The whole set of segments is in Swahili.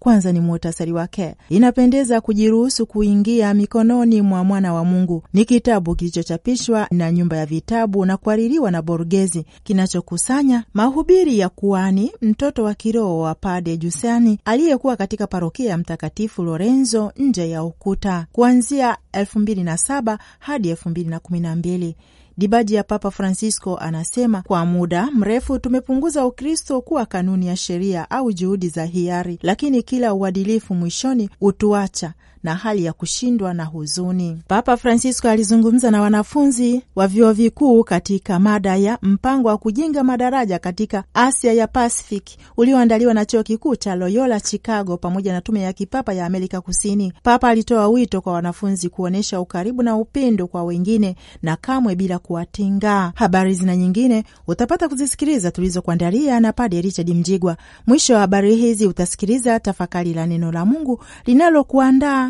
kwanza ni muhtasari wake. Inapendeza kujiruhusu kuingia mikononi mwa mwana wa Mungu ni kitabu kilichochapishwa na nyumba ya vitabu na kuhaririwa na Borgezi, kinachokusanya mahubiri ya kuani mtoto wa kiroho wa Pade Jusani aliyekuwa katika parokia ya Mtakatifu Lorenzo nje ya ukuta kuanzia 2007 hadi 2012. Dibaji ya Papa Francisco anasema, kwa muda mrefu tumepunguza Ukristo kuwa kanuni ya sheria au juhudi za hiari, lakini kila uadilifu mwishoni utuacha na hali ya kushindwa na huzuni. Papa Francisco alizungumza na wanafunzi wa vyuo vikuu katika mada ya mpango wa kujenga madaraja katika Asia ya Pacific ulioandaliwa na chuo kikuu cha Loyola Chicago pamoja na tume ya kipapa ya Amerika Kusini. Papa alitoa wito kwa wanafunzi kuonyesha ukaribu na upendo kwa wengine na kamwe bila kuwatenga. Habari zina nyingine utapata kuzisikiliza tulizokuandalia na Padre Richard Mjigwa. Mwisho wa habari hizi utasikiliza tafakari la neno la Mungu linalokuandaa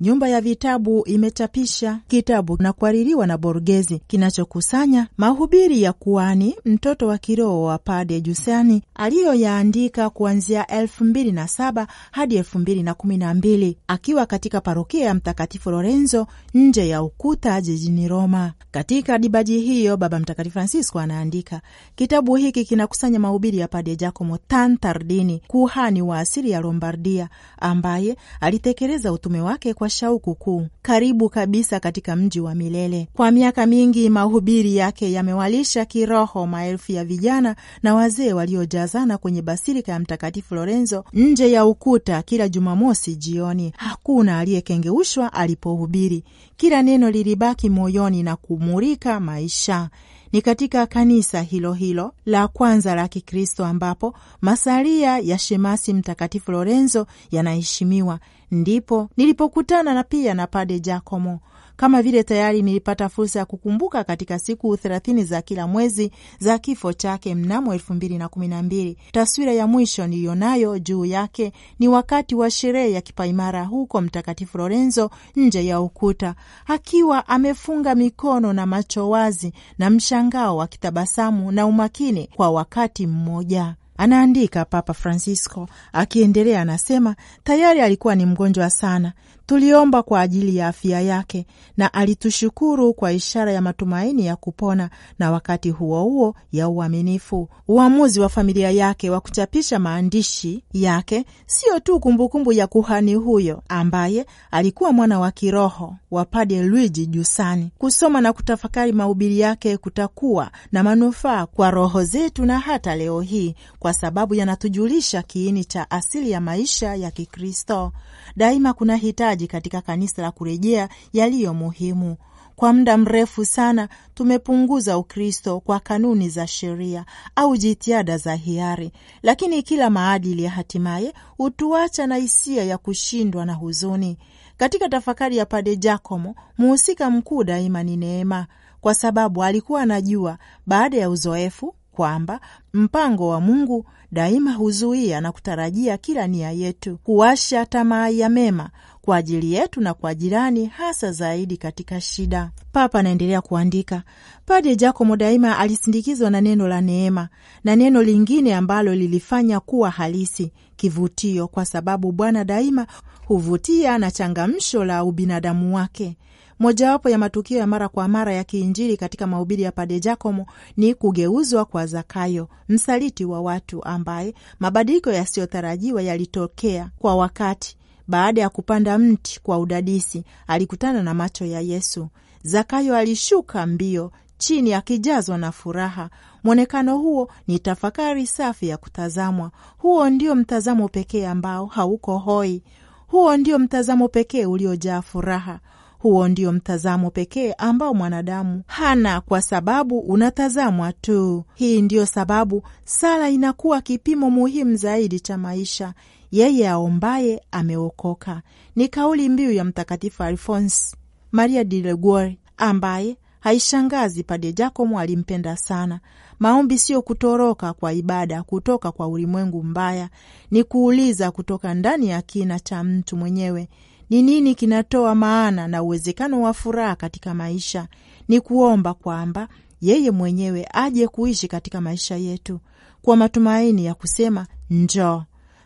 Nyumba ya Vitabu imechapisha kitabu na kuhaririwa na borgezi kinachokusanya mahubiri ya kuani mtoto wa kiroho wa Pade Jusani aliyoyaandika kuanzia elfu mbili na saba hadi elfu mbili na kumi na mbili akiwa katika parokia ya Mtakatifu Lorenzo nje ya ukuta jijini Roma. Katika dibaji hiyo, Baba Mtakatifu Francisco anaandika, kitabu hiki kinakusanya mahubiri ya Pade Giacomo Tantardini, kuhani wa asili ya Lombardia ambaye alitekeleza utume wake kwa kwa shauku kuu, karibu kabisa katika mji wa milele. Kwa miaka mingi, mahubiri yake yamewalisha kiroho maelfu ya vijana na wazee waliojazana kwenye basilika ya Mtakatifu Lorenzo nje ya ukuta kila Jumamosi jioni. Hakuna aliyekengeushwa alipohubiri, kila neno lilibaki moyoni na kumurika maisha ni katika kanisa hilo hilo la kwanza la Kikristo ambapo masalia ya shemasi Mtakatifu Lorenzo yanaheshimiwa, ndipo nilipokutana na pia na Pade Jacomo kama vile tayari nilipata fursa ya kukumbuka katika siku thelathini za kila mwezi za kifo chake mnamo elfu mbili na kumi na mbili. Taswira ya mwisho niliyonayo juu yake ni wakati wa sherehe ya kipaimara huko Mtakatifu Lorenzo nje ya ukuta, akiwa amefunga mikono na macho wazi na mshangao wa kitabasamu na umakini kwa wakati mmoja. Anaandika Papa Francisco akiendelea, anasema tayari alikuwa ni mgonjwa sana, Tuliomba kwa ajili ya afya yake na alitushukuru kwa ishara ya matumaini ya kupona na wakati huo huo ya uaminifu. Uamuzi wa familia yake wa kuchapisha maandishi yake sio tu kumbukumbu ya kuhani huyo ambaye alikuwa mwana wa kiroho wa Padre Luigi Giussani. Kusoma na kutafakari mahubiri yake kutakuwa na manufaa kwa roho zetu na hata leo hii, kwa sababu yanatujulisha kiini cha asili ya maisha ya Kikristo. Daima kuna hitaji uingizaji katika kanisa la kurejea yaliyo muhimu. Kwa muda mrefu sana tumepunguza Ukristo kwa kanuni za sheria au jitihada za hiari, lakini kila maadili ya hatimaye hutuacha na hisia ya kushindwa na huzuni. Katika tafakari ya Pade Jacomo, muhusika mkuu daima ni Neema, kwa sababu alikuwa anajua baada ya uzoefu kwamba mpango wa Mungu daima huzuia na kutarajia kila nia yetu kuwasha tamaa ya mema, kwa ajili yetu na kwa jirani, hasa zaidi katika shida. Papa anaendelea kuandika, Padre jacomo daima alisindikizwa na neno la neema na neno lingine ambalo lilifanya kuwa halisi kivutio, kwa sababu Bwana daima huvutia na changamsho la ubinadamu wake. Mojawapo ya matukio ya mara kwa mara ya kiinjili katika mahubiri ya pade jacomo ni kugeuzwa kwa Zakayo, msaliti wa watu, ambaye mabadiliko yasiyotarajiwa yalitokea kwa wakati baada ya kupanda mti kwa udadisi, alikutana na macho ya Yesu. Zakayo alishuka mbio chini akijazwa na furaha. Mwonekano huo ni tafakari safi ya kutazamwa. Huo ndio mtazamo pekee ambao hauko hoi. Huo ndio mtazamo pekee uliojaa furaha. Huo ndio mtazamo pekee ambao mwanadamu hana, kwa sababu unatazamwa tu. Hii ndiyo sababu sala inakuwa kipimo muhimu zaidi cha maisha yeye aombaye ameokoka, ni kauli mbiu ya Mtakatifu Alfonsi Maria di Liguori ambaye haishangazi Padre jacomo alimpenda sana. Maombi siyo kutoroka kwa ibada kutoka kwa ulimwengu mbaya, ni kuuliza kutoka ndani ya kina cha mtu mwenyewe ni nini kinatoa maana na uwezekano wa furaha katika maisha. Ni kuomba kwamba yeye mwenyewe aje kuishi katika maisha yetu kwa matumaini ya kusema njoo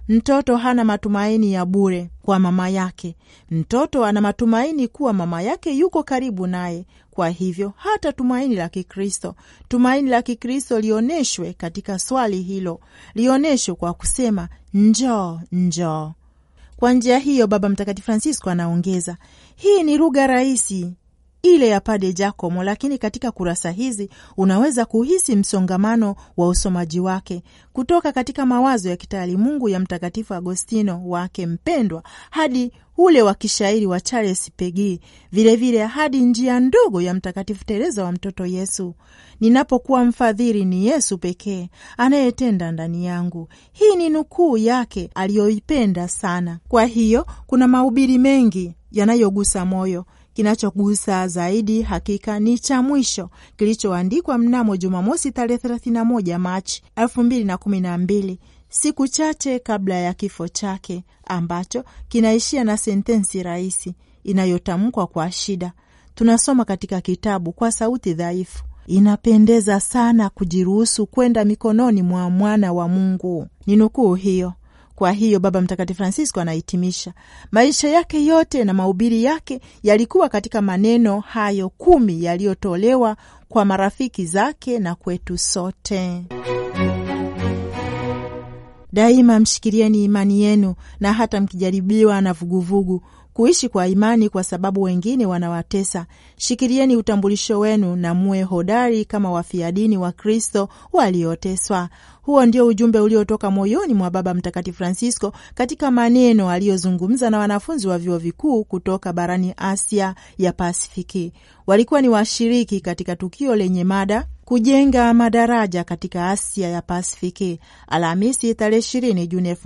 Mtoto hana matumaini ya bure kwa mama yake. Mtoto ana matumaini kuwa mama yake yuko karibu naye. Kwa hivyo hata tumaini la Kikristo, tumaini la Kikristo lioneshwe katika swali hilo, lioneshwe kwa kusema njoo, njoo. Kwa njia hiyo, Baba Mtakatifu Francisco anaongeza, hii ni lugha rahisi ile ya Pade Jacomo, lakini katika kurasa hizi unaweza kuhisi msongamano wa usomaji wake kutoka katika mawazo ya kitaalimungu ya Mtakatifu Agostino wake mpendwa hadi ule wa kishairi wa Charles Pegi, vilevile hadi njia ndogo ya Mtakatifu tereza wa mtoto Yesu. Ninapokuwa mfadhili, ni Yesu pekee anayetenda ndani yangu. Hii ni nukuu yake aliyoipenda sana. Kwa hiyo kuna mahubiri mengi yanayogusa moyo Kinachogusa zaidi hakika ni cha mwisho kilichoandikwa mnamo Jumamosi tarehe 31 Machi 2012 siku chache kabla ya kifo chake, ambacho kinaishia na sentensi rahisi inayotamkwa kwa shida. Tunasoma katika kitabu kwa sauti dhaifu. Inapendeza sana kujiruhusu kwenda mikononi mwa mwana wa Mungu. Ni nukuu hiyo. Kwa hiyo Baba Mtakatifu Francisco anahitimisha maisha yake yote na mahubiri yake yalikuwa katika maneno hayo kumi yaliyotolewa kwa marafiki zake na kwetu sote. Daima mshikilieni imani yenu, na hata mkijaribiwa na vuguvugu kuishi kwa imani, kwa sababu wengine wanawatesa. Shikilieni utambulisho wenu na muwe hodari kama wafiadini wa Kristo walioteswa. Huo ndio ujumbe uliotoka moyoni mwa Baba Mtakatifu Francisco katika maneno aliyozungumza na wanafunzi wa vyuo vikuu kutoka barani Asia ya Pasifiki. Walikuwa ni washiriki katika tukio lenye mada kujenga madaraja katika Asia ya Pasifiki, Alhamisi tarehe ishirini Juni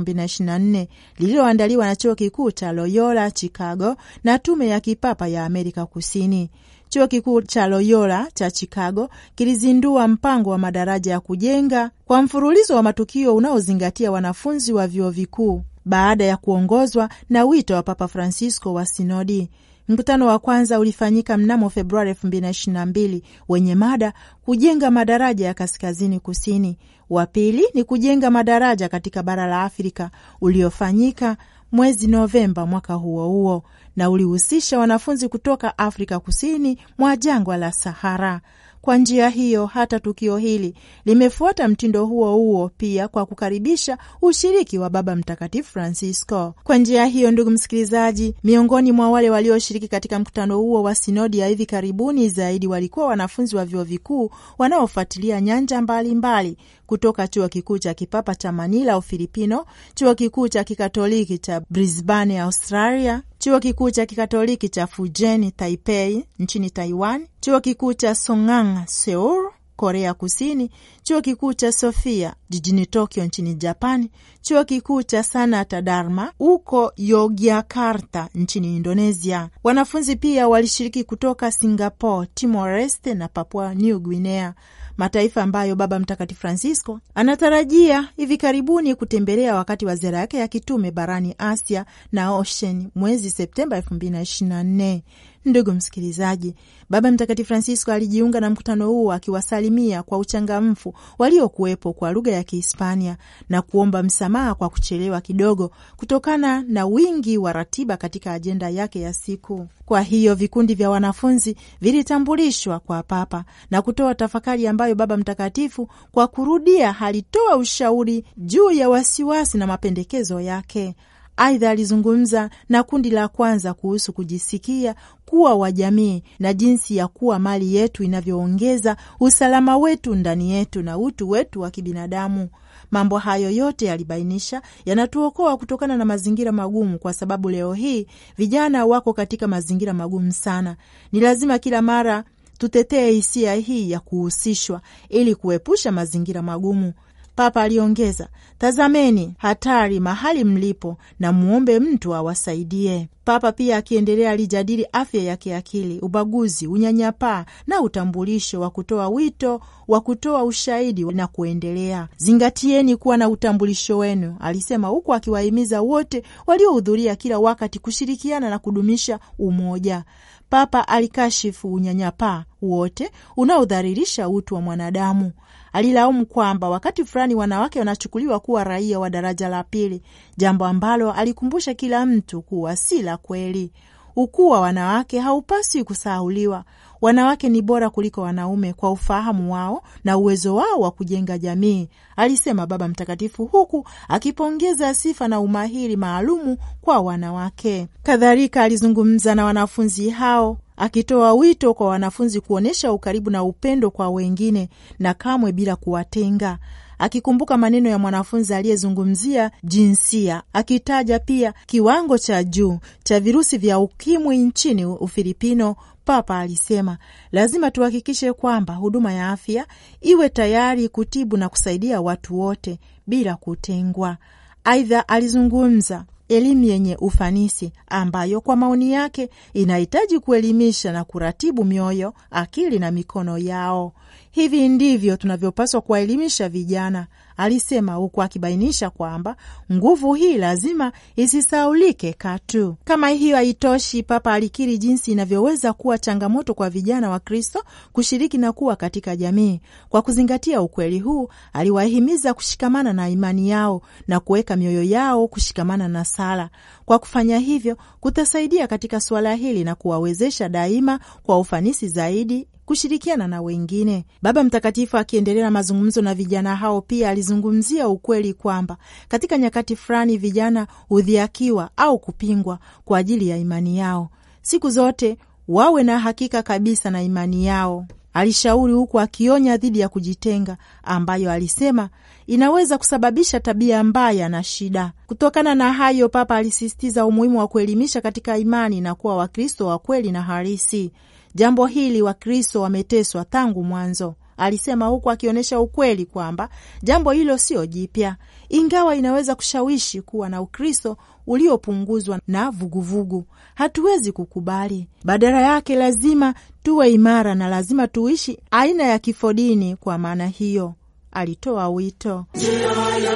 nne, lililoandaliwa na chuo kikuu cha Loyola Chicago na tume ya kipapa ya Amerika Kusini. Chuo kikuu cha Loyola cha Chicago kilizindua mpango wa madaraja ya kujenga kwa mfululizo wa matukio unaozingatia wanafunzi wa vyuo vikuu baada ya kuongozwa na wito wa Papa Francisco wa sinodi. Mkutano wa kwanza ulifanyika mnamo Februari elfu mbili na na mbili wenye mada kujenga madaraja ya kaskazini kusini. Wa pili ni kujenga madaraja katika bara la Afrika uliofanyika mwezi Novemba mwaka huo huo na ulihusisha wanafunzi kutoka Afrika kusini mwa jangwa la Sahara. Kwa njia hiyo, hata tukio hili limefuata mtindo huo huo pia kwa kukaribisha ushiriki wa Baba Mtakatifu Francisco. Kwa njia hiyo, ndugu msikilizaji, miongoni mwa wale walioshiriki katika mkutano huo wa sinodi ya hivi karibuni zaidi walikuwa wanafunzi wa vyuo vikuu wanaofuatilia nyanja mbalimbali mbali, kutoka chuo kikuu cha kipapa cha Manila Ufilipino, chuo kikuu cha kikatoliki cha Brisbane Australia, chuo kikuu cha kikatoliki cha Fujeni Taipei nchini Taiwan, chuo kikuu cha Songang Seoul Korea Kusini, chuo kikuu cha Sofia jijini Tokyo nchini Japani, chuo kikuu cha Sanata Dharma huko Yogyakarta nchini Indonesia. Wanafunzi pia walishiriki kutoka Singapore, Timor Leste na Papua New Guinea mataifa ambayo Baba Mtakatifu Francisco anatarajia hivi karibuni kutembelea wakati wa ziara yake ya kitume barani Asia na Ocean mwezi Septemba 2024. Ndugu msikilizaji, Baba Mtakatifu Francisco alijiunga na mkutano huu akiwasalimia kwa uchangamfu waliokuwepo kwa lugha ya Kihispania na kuomba msamaha kwa kuchelewa kidogo kutokana na wingi wa ratiba katika ajenda yake ya siku. Kwa hiyo vikundi vya wanafunzi vilitambulishwa kwa Papa na kutoa tafakari ambayo Baba Mtakatifu kwa kurudia alitoa ushauri juu ya wasiwasi na mapendekezo yake. Aidha, alizungumza na kundi la kwanza kuhusu kujisikia kuwa wa jamii na jinsi ya kuwa mali yetu inavyoongeza usalama wetu ndani yetu na utu wetu wa kibinadamu. Mambo hayo yote yalibainisha yanatuokoa kutokana na mazingira magumu, kwa sababu leo hii vijana wako katika mazingira magumu sana. Ni lazima kila mara Tutetee hisia hii ya kuhusishwa ili kuepusha mazingira magumu Papa aliongeza, tazameni hatari mahali mlipo na muombe mtu awasaidie. Papa pia akiendelea alijadili afya ya kiakili, ubaguzi, unyanyapaa na utambulisho wa kutoa wito wa kutoa ushahidi na kuendelea. Zingatieni kuwa na utambulisho wenu, alisema, huku akiwahimiza wote waliohudhuria kila wakati kushirikiana na kudumisha umoja. Papa alikashifu unyanyapaa wote unaodhalilisha utu wa mwanadamu. Alilaumu kwamba wakati fulani wanawake wanachukuliwa kuwa raia wa daraja la pili, jambo ambalo alikumbusha kila mtu kuwa si la kweli. Ukuu wa wanawake haupaswi kusahuliwa. Wanawake ni bora kuliko wanaume kwa ufahamu wao na uwezo wao wa kujenga jamii, alisema Baba Mtakatifu, huku akipongeza sifa na umahiri maalumu kwa wanawake. Kadhalika alizungumza na wanafunzi hao akitoa wito kwa wanafunzi kuonyesha ukaribu na upendo kwa wengine na kamwe bila kuwatenga, akikumbuka maneno ya mwanafunzi aliyezungumzia jinsia, akitaja pia kiwango cha juu cha virusi vya ukimwi nchini Ufilipino. Papa alisema lazima tuhakikishe kwamba huduma ya afya iwe tayari kutibu na kusaidia watu wote bila kutengwa. Aidha, alizungumza elimu yenye ufanisi ambayo kwa maoni yake inahitaji kuelimisha na kuratibu mioyo, akili na mikono yao. Hivi ndivyo tunavyopaswa kuwaelimisha vijana, alisema, huku akibainisha kwamba nguvu hii lazima isisaulike katu. Kama hiyo haitoshi, Papa alikiri jinsi inavyoweza kuwa changamoto kwa vijana wa Kristo kushiriki na kuwa katika jamii. Kwa kuzingatia ukweli huu, aliwahimiza kushikamana na imani yao na kuweka mioyo yao kushikamana na sala. Kwa kufanya hivyo, kutasaidia katika suala hili na kuwawezesha daima kwa ufanisi zaidi kushirikiana na wengine. Baba Mtakatifu akiendelea na mazungumzo na vijana hao, pia alizungumzia ukweli kwamba katika nyakati fulani vijana hudhiakiwa au kupingwa kwa ajili ya imani yao. Siku zote wawe na hakika kabisa na imani yao, alishauri, huku akionya dhidi ya kujitenga, ambayo alisema inaweza kusababisha tabia mbaya na shida. Kutokana na hayo, Papa alisisitiza umuhimu wa kuelimisha katika imani na kuwa Wakristo wa kweli na halisi. Jambo hili Wakristo wameteswa tangu mwanzo, alisema huku akionyesha ukweli kwamba jambo hilo siyo jipya, ingawa inaweza kushawishi kuwa na Ukristo uliopunguzwa na vuguvugu vugu. Hatuwezi kukubali, badala yake lazima tuwe imara na lazima tuishi aina ya kifodini. Kwa maana hiyo alitoa wito Njia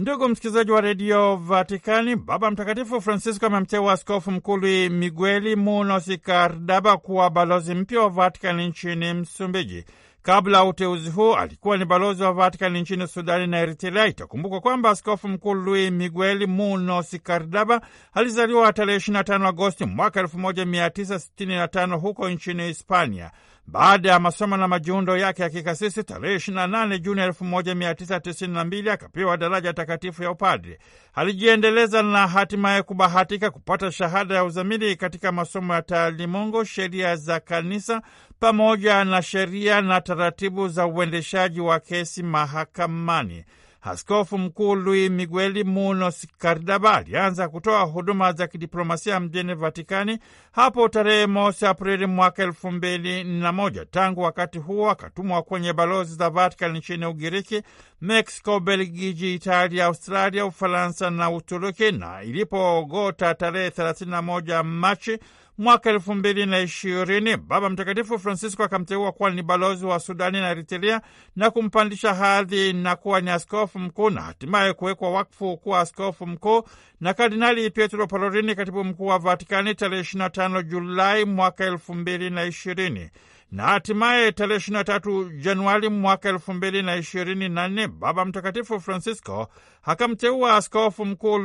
Ndugu msikilizaji wa redio Vatikani, Baba Mtakatifu Francisco amemteua askofu mkulu Migueli Munosi Kardaba kuwa balozi mpya wa Vatikani nchini Msumbiji. Kabla uteuzi huu alikuwa ni balozi wa Vatikani nchini Sudani na Eritrea. Itakumbukwa kwamba askofu mkuu Luis Miguel Munoz Kardaba alizaliwa tarehe 25 Agosti mwaka 1965 huko nchini Hispania. Baada ya masomo na majiundo yake ya kikasisi, tarehe 28 Juni 1992 akapewa daraja takatifu ya upadre. Alijiendeleza na hatimaye kubahatika kupata shahada ya uzamili katika masomo ya taalimungu, sheria za kanisa pamoja na sheria na taratibu za uendeshaji wa kesi mahakamani. Askofu Mkuu Luis Migueli Munoz Kardaba alianza kutoa huduma za kidiplomasia mjini Vatikani hapo tarehe mosi Aprili mwaka elfu mbili na moja. Tangu wakati huo akatumwa kwenye balozi za Vatican nchini Ugiriki, Mexico, Belgiji, Italia, Australia, Ufaransa na Uturuki, na ilipoogota tarehe 31 Machi mwaka elfu mbili na ishirini Baba Mtakatifu Francisco akamteua kuwa ni balozi wa Sudani na Eritrea na kumpandisha hadhi na kuwa ni askofu mkuu na hatimaye kuwekwa wakfu kuwa askofu mkuu na Kardinali Pietro parorini katibu mkuu wa Vatikani, tarehe 25 Julai mwaka elfu mbili na ishirini na hatimaye tarehe 23 Januari mwaka elfu mbili na ishirini na nne Baba Mtakatifu Francisco akamteua askofu mkuu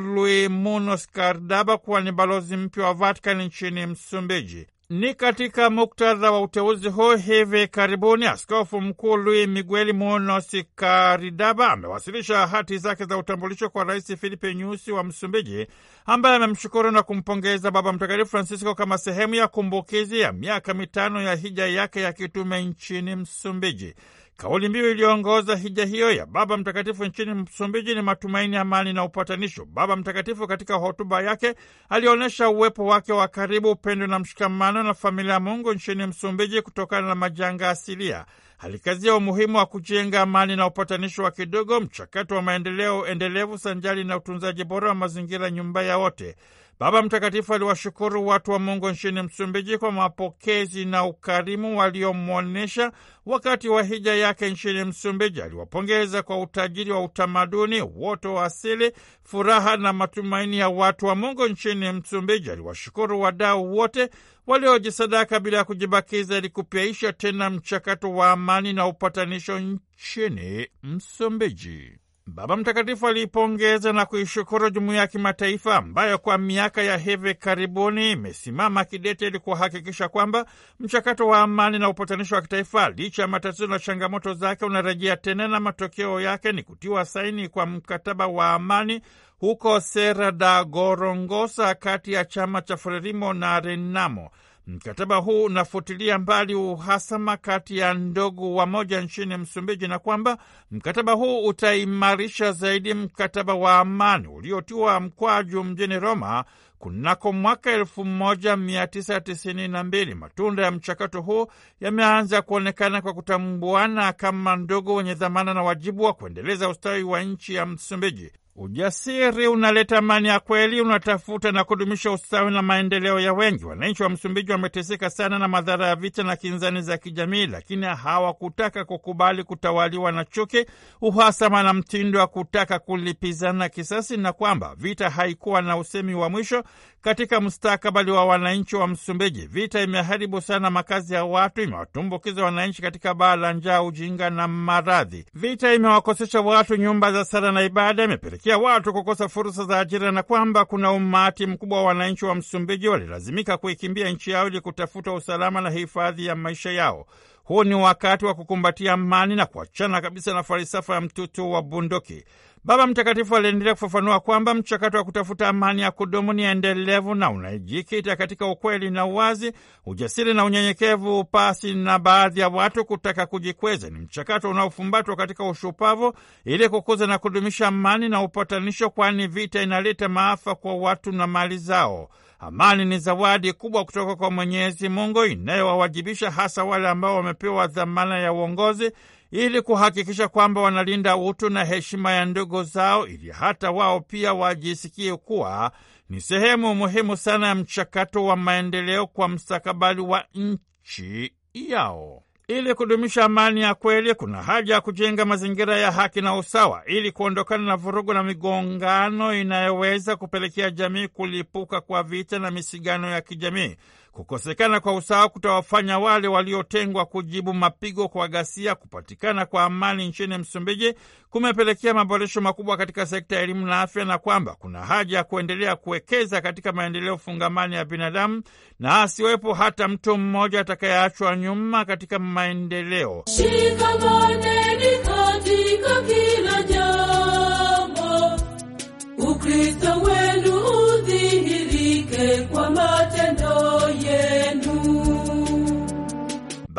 Munos Skardaba kuwa ni balozi mpya wa Vatikani nchini Msumbiji. Ni katika muktadha wa uteuzi huu hivi karibuni Askofu Mkuu louis Miguel munosi Karidaba amewasilisha hati zake za utambulisho kwa Rais Filipe Nyusi wa Msumbiji, ambaye amemshukuru na kumpongeza Baba Mtakatifu Francisco kama sehemu ya kumbukizi ya miaka mitano ya hija yake ya kitume nchini Msumbiji. Kauli mbiu iliyoongoza hija hiyo ya Baba Mtakatifu nchini Msumbiji ni matumaini, amani na upatanisho. Baba Mtakatifu katika hotuba yake alionyesha uwepo wake wa karibu, upendo na mshikamano na familia ya Mungu nchini Msumbiji kutokana na majanga asilia. Alikazia umuhimu wa kujenga amani na upatanisho wa kidogo, mchakato wa maendeleo endelevu sanjari na utunzaji bora wa mazingira, nyumba ya wote. Baba Mtakatifu aliwashukuru watu wa Mungu nchini Msumbiji kwa mapokezi na ukarimu waliomwonyesha wakati wa hija yake nchini Msumbiji. Aliwapongeza kwa utajiri wa utamaduni, uoto wa asili, furaha na matumaini ya watu wa Mungu nchini Msumbiji. Aliwashukuru wadau wote waliojisadaka bila ya kujibakiza ili kupyaisha tena mchakato wa amani na upatanisho nchini Msumbiji. Baba Mtakatifu aliipongeza na kuishukuru jumuiya ya kimataifa ambayo kwa miaka ya hivi karibuni imesimama kidete ili kuhakikisha kwamba mchakato wa amani na upatanishi wa kitaifa, licha ya matatizo na changamoto zake, unarejea tena na matokeo yake ni kutiwa saini kwa mkataba wa amani huko Serra da Gorongosa kati ya chama cha Frelimo na Renamo. Mkataba huu unafutilia mbali uhasama kati ya ndugu moja nchini Msumbiji na kwamba mkataba huu utaimarisha zaidi mkataba wa amani uliotiwa mkwaju mjini Roma kunako mwaka 1992. Matunda ya mchakato huu yameanza kuonekana kwa kutambuana kama ndugu wenye dhamana na wajibu wa kuendeleza ustawi wa nchi ya Msumbiji. Ujasiri unaleta amani ya kweli, unatafuta na kudumisha ustawi na maendeleo ya wengi. Wananchi wa Msumbiji wameteseka sana na madhara ya vita na kinzani za kijamii, lakini hawakutaka kukubali kutawaliwa na chuki, uhasama na mtindo wa kutaka kulipizana kisasi, na kwamba vita haikuwa na usemi wa mwisho, katika mustakabali wa wananchi wa Msumbiji. Vita imeharibu sana makazi ya watu, imewatumbukiza wananchi katika baa la njaa, ujinga na maradhi. Vita imewakosesha watu nyumba za sala na ibada, imepelekea watu kukosa fursa za ajira, na kwamba kuna umati mkubwa wa wananchi wa Msumbiji walilazimika kuikimbia nchi yao ili kutafuta usalama na hifadhi ya maisha yao. Huu ni wakati wa kukumbatia amani na kuachana kabisa na falsafa ya mtutu wa bunduki. Baba Mtakatifu aliendelea kufafanua kwamba mchakato wa kutafuta amani ya kudumu ni endelevu na unajikita katika ukweli na uwazi, ujasiri na unyenyekevu, pasi na baadhi ya watu kutaka kujikweza. Ni mchakato unaofumbatwa katika ushupavu ili kukuza na kudumisha amani na upatanisho, kwani vita inaleta maafa kwa watu na mali zao. Amani ni zawadi kubwa kutoka kwa Mwenyezi Mungu inayowawajibisha hasa wale ambao wamepewa dhamana ya uongozi ili kuhakikisha kwamba wanalinda utu na heshima ya ndugu zao ili hata wao pia wajisikie kuwa ni sehemu muhimu sana ya mchakato wa maendeleo kwa mstakabali wa nchi yao. Ili kudumisha amani ya kweli, kuna haja ya kujenga mazingira ya haki na usawa, ili kuondokana na vurugu na migongano inayoweza kupelekea jamii kulipuka kwa vita na misigano ya kijamii. Kukosekana kwa usawa kutawafanya wale waliotengwa kujibu mapigo kwa ghasia. Kupatikana kwa amani nchini Msumbiji kumepelekea maboresho makubwa katika sekta ya elimu na afya, na kwamba kuna haja ya kuendelea kuwekeza katika maendeleo fungamani ya binadamu na asiwepo hata mtu mmoja atakayeachwa nyuma katika maendeleo. katika kila jambo, Ukristo wetu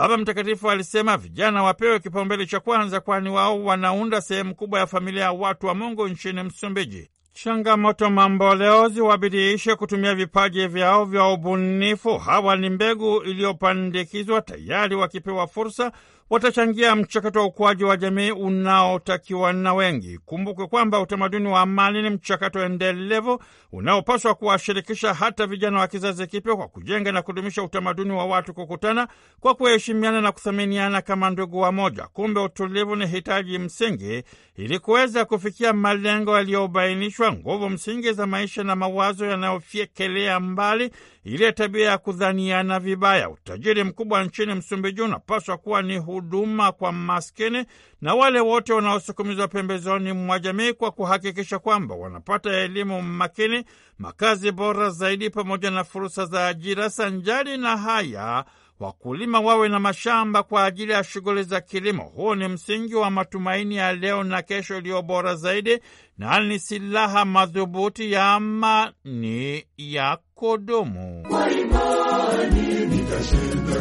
Baba Mtakatifu alisema vijana wapewe kipaumbele cha kwanza, kwani wao wanaunda sehemu kubwa ya familia ya watu wa Mungu nchini Msumbiji. Changamoto mamboleozi wabidiishe kutumia vipaji vyao vya ubunifu. Hawa ni mbegu iliyopandikizwa tayari, wakipewa fursa watachangia mchakato wa ukuaji wa jamii unaotakiwa na wengi. Kumbukwe kwamba utamaduni wa amani ni mchakato endelevu unaopaswa kuwashirikisha hata vijana wa kizazi kipya kwa kujenga na kudumisha utamaduni wa watu kukutana kwa kuheshimiana na kuthaminiana kama ndugu wa moja. Kumbe utulivu ni hitaji msingi ili kuweza kufikia malengo yaliyobainishwa, nguvu msingi za maisha na mawazo yanayofyekelea mbali ile tabia ya kudhaniana vibaya. Utajiri mkubwa nchini Msumbiji unapaswa kuwa ni huduma kwa maskini na wale wote wanaosukumizwa pembezoni mwa jamii, kwa kuhakikisha kwamba wanapata elimu makini, makazi bora zaidi, pamoja na fursa za ajira. Sanjari na haya wakulima wawe na mashamba kwa ajili ya shughuli za kilimo. Huu ni msingi wa matumaini ya leo na kesho iliyo bora zaidi, na ni silaha madhubuti ya amani ya kudumu. Kwa imani nitashinda,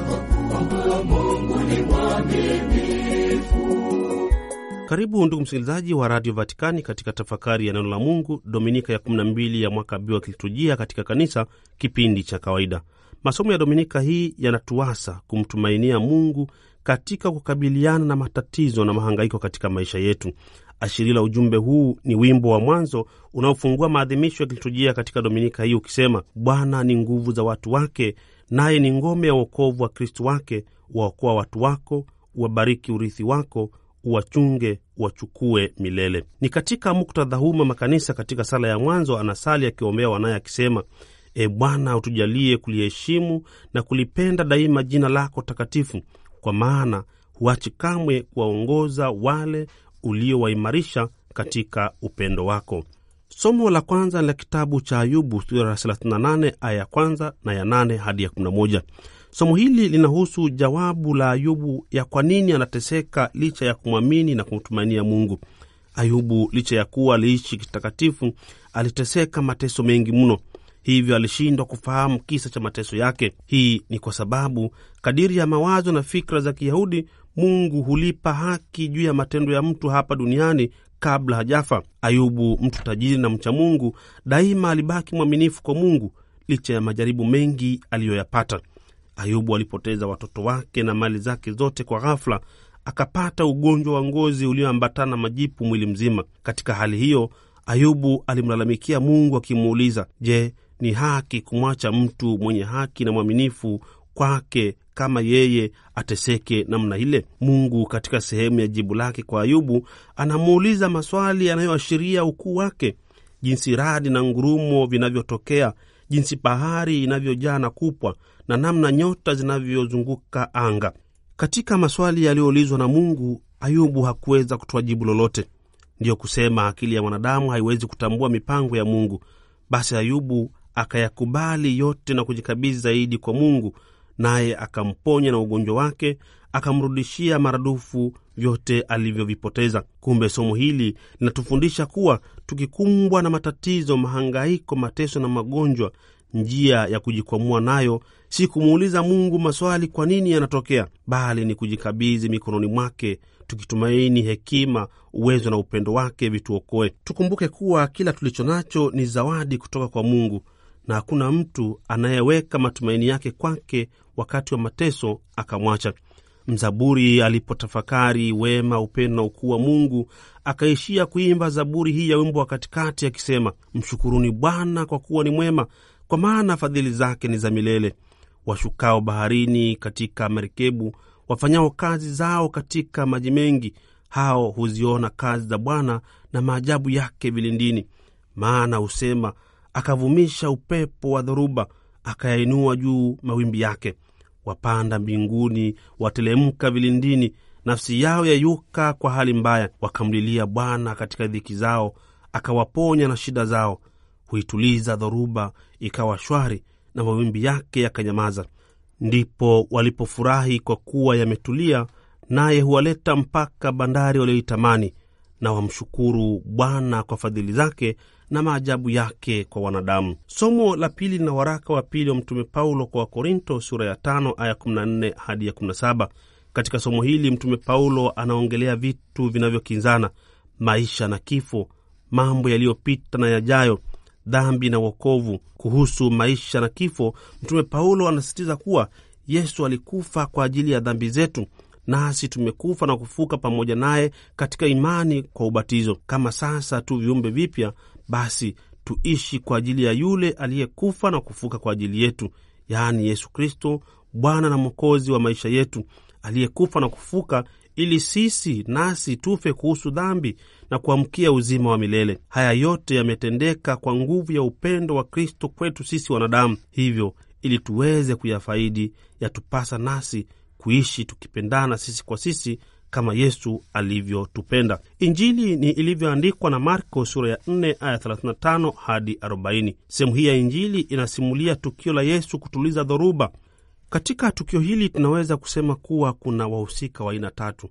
kwa kuwa Mungu ni mwaminifu. Karibu ndugu msikilizaji wa Radio Vatikani katika tafakari ya neno la Mungu, dominika ya 12 ya mwaka biwa wa kiliturujia katika kanisa, kipindi cha kawaida. Masomo ya dominika hii yanatuasa kumtumainia Mungu katika kukabiliana na matatizo na mahangaiko katika maisha yetu. Ashiria la ujumbe huu ni wimbo wa mwanzo unaofungua maadhimisho ya kiliturujia katika dominika hii ukisema, Bwana ni nguvu za watu wake, naye ni ngome ya uokovu wa kristu wake. Waokoa watu wako, uwabariki urithi wako, uwachunge wachukue milele. Ni katika muktadha huu mama kanisa katika sala ya mwanzo anasali akiombea wanaye akisema, E Bwana, utujalie kuliheshimu na kulipenda daima jina lako takatifu, kwa maana huachi kamwe kuwaongoza wale uliowaimarisha katika upendo wako. Somo la kwanza la kitabu cha Ayubu sura 38 aya ya kwanza na ya 8 hadi ya 11. Somo hili linahusu jawabu la Ayubu ya kwa nini anateseka licha ya kumwamini na kumtumainia Mungu. Ayubu licha ya kuwa aliishi kitakatifu, aliteseka mateso mengi mno, hivyo alishindwa kufahamu kisa cha mateso yake. Hii ni kwa sababu kadiri ya mawazo na fikra za Kiyahudi, Mungu hulipa haki juu ya matendo ya mtu hapa duniani kabla hajafa. Ayubu, mtu tajiri na mcha Mungu, daima alibaki mwaminifu kwa Mungu licha ya majaribu mengi aliyoyapata. Ayubu alipoteza watoto wake na mali zake zote kwa ghafla, akapata ugonjwa wa ngozi ulioambatana majipu mwili mzima. Katika hali hiyo, Ayubu alimlalamikia Mungu akimuuliza, je, ni haki kumwacha mtu mwenye haki na mwaminifu kwake kama yeye ateseke namna ile. Mungu katika sehemu ya jibu lake kwa Ayubu anamuuliza maswali yanayoashiria ukuu wake, jinsi radi na ngurumo vinavyotokea, jinsi bahari inavyojaa na kupwa, na namna nyota zinavyozunguka anga. Katika maswali yaliyoulizwa na Mungu, Ayubu hakuweza kutoa jibu lolote. Ndiyo kusema akili ya mwanadamu haiwezi kutambua mipango ya Mungu. Basi Ayubu akayakubali yote na kujikabidhi zaidi kwa Mungu naye akamponya na ugonjwa wake, akamrudishia maradufu vyote alivyovipoteza. Kumbe somo hili linatufundisha kuwa tukikumbwa na matatizo, mahangaiko, mateso na magonjwa, njia ya kujikwamua nayo si kumuuliza Mungu maswali kwa nini yanatokea, bali ni kujikabidhi mikononi mwake tukitumaini hekima, uwezo na upendo wake vituokoe. Tukumbuke kuwa kila tulicho nacho ni zawadi kutoka kwa Mungu na hakuna mtu anayeweka matumaini yake kwake wakati wa mateso akamwacha. Mzaburi alipotafakari wema, upendo na ukuu wa Mungu akaishia kuimba zaburi hii ya wimbo wa katikati akisema, mshukuruni Bwana kwa kuwa ni mwema, kwa maana fadhili zake ni za milele. Washukao baharini katika merikebu, wafanyao kazi zao katika maji mengi, hao huziona kazi za Bwana na maajabu yake vilindini. Maana husema akavumisha upepo wa dhoruba, akayainua juu mawimbi yake. Wapanda mbinguni watelemka vilindini, nafsi yao yayuka kwa hali mbaya. Wakamlilia Bwana katika dhiki zao, akawaponya na shida zao. Huituliza dhoruba ikawa shwari, na mawimbi yake yakanyamaza. Ndipo walipofurahi kwa kuwa yametulia, naye huwaleta mpaka bandari walioitamani, na wamshukuru Bwana kwa fadhili zake na maajabu yake kwa wanadamu. Somo la pili lina waraka wa pili wa Mtume Paulo kwa Wakorinto sura ya 5 aya 14 hadi ya 17. Katika somo hili Mtume Paulo anaongelea vitu vinavyokinzana: maisha na kifo, mambo yaliyopita na yajayo, dhambi na wokovu. Kuhusu maisha na kifo, Mtume Paulo anasisitiza kuwa Yesu alikufa kwa ajili ya dhambi zetu, nasi tumekufa na kufuka pamoja naye katika imani kwa ubatizo. Kama sasa tu viumbe vipya, basi tuishi kwa ajili ya yule aliyekufa na kufuka kwa ajili yetu, yaani Yesu Kristo, Bwana na Mwokozi wa maisha yetu, aliyekufa na kufuka ili sisi nasi tufe kuhusu dhambi na kuamkia uzima wa milele. Haya yote yametendeka kwa nguvu ya upendo wa Kristo kwetu sisi wanadamu. Hivyo ili tuweze kuyafaidi, yatupasa nasi kuishi tukipendana sisi kwa sisi kama Yesu alivyotupenda. Injili ni ilivyoandikwa na Marko sura ya 4 aya 35 hadi 40. Sehemu hii ya Injili inasimulia tukio la Yesu kutuliza dhoruba. Katika tukio hili tunaweza kusema kuwa kuna wahusika wa aina tatu.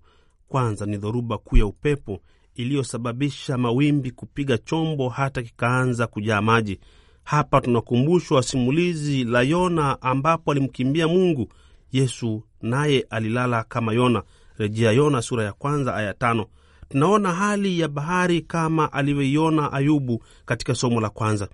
Kwanza ni dhoruba kuu ya upepo iliyosababisha mawimbi kupiga chombo hata kikaanza kujaa maji. Hapa tunakumbushwa simulizi la Yona ambapo alimkimbia Mungu. Yesu naye alilala kama Yona rejea Yona sura ya kwanza aya tano. Tunaona hali ya bahari kama alivyoiona Ayubu katika somo la kwanza.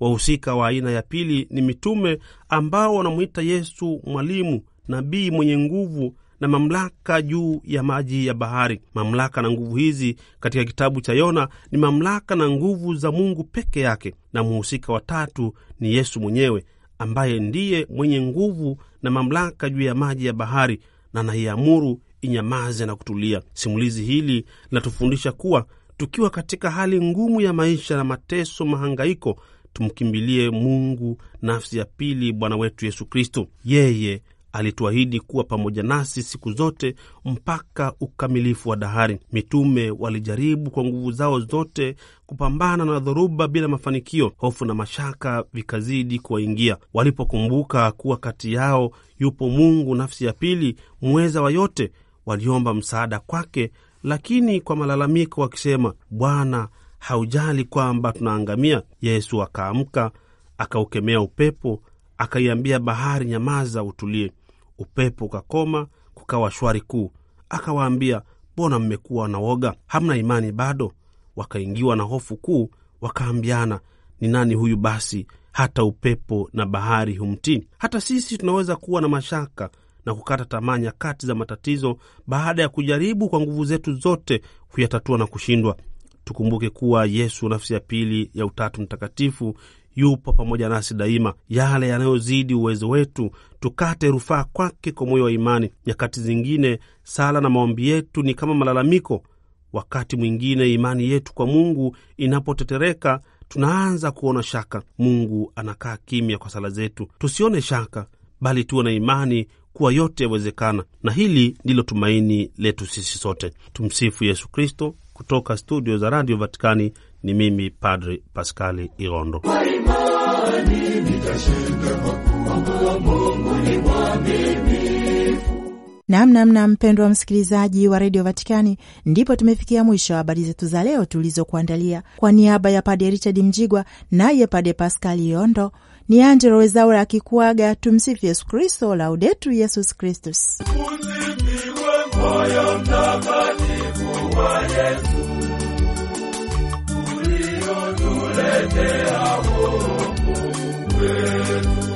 Wahusika wa aina ya pili ni mitume ambao wanamwita Yesu mwalimu, nabii mwenye nguvu na mamlaka juu ya maji ya bahari. Mamlaka na nguvu hizi katika kitabu cha Yona ni mamlaka na nguvu za Mungu peke yake, na mhusika wa tatu ni Yesu mwenyewe ambaye ndiye mwenye nguvu na mamlaka juu ya maji ya bahari na anaiamuru inyamaze na kutulia. Simulizi hili linatufundisha kuwa tukiwa katika hali ngumu ya maisha na mateso, mahangaiko, tumkimbilie Mungu, nafsi ya pili, Bwana wetu Yesu Kristo. Yeye alituahidi kuwa pamoja nasi siku zote mpaka ukamilifu wa dahari. Mitume walijaribu kwa nguvu zao zote kupambana na dhoruba bila mafanikio. Hofu na mashaka vikazidi kuwaingia. Walipokumbuka kuwa kati yao yupo Mungu, nafsi ya pili, mweza wa yote, waliomba msaada kwake, lakini kwa malalamiko wakisema, Bwana, haujali kwamba tunaangamia? Yesu akaamka akaukemea upepo, akaiambia bahari, nyamaza, utulie. Upepo ukakoma, kukawa shwari kuu. Akawaambia, mbona mmekuwa na woga? Hamna imani bado? Wakaingiwa na hofu kuu, wakaambiana, ni nani huyu basi hata upepo na bahari humtii? Hata sisi tunaweza kuwa na mashaka na kukata tamaa nyakati za matatizo, baada ya kujaribu kwa nguvu zetu zote kuyatatua na kushindwa. Tukumbuke kuwa Yesu, nafsi ya pili ya Utatu Mtakatifu, yupo pamoja nasi daima. Yale yanayozidi uwezo wetu, tukate rufaa kwake kwa moyo wa imani. Nyakati zingine sala na maombi yetu ni kama malalamiko. Wakati mwingine imani yetu kwa Mungu inapotetereka, tunaanza kuona shaka. Mungu anakaa kimya kwa sala zetu. Tusione shaka, bali tuwe na imani kuwa yote yawezekana, na hili ndilo tumaini letu sisi sote. Tumsifu Yesu Kristo. Kutoka studio za Radio Vatikani ni mimi Padri Paskali Irondo. Namnamna mpendwa msikilizaji wa redio Vatikani, ndipo tumefikia mwisho wa habari zetu za leo tulizokuandalia. Kwa niaba ya Pade Richard Mjigwa naye Pade Paskali Yondo ni Angelo Wezaura akikuaga. Tumsifu Yesu Kristo, laudetu Yesus Kristus. Moyo mtakatifu Yesu uliotuletea wokovu wetu.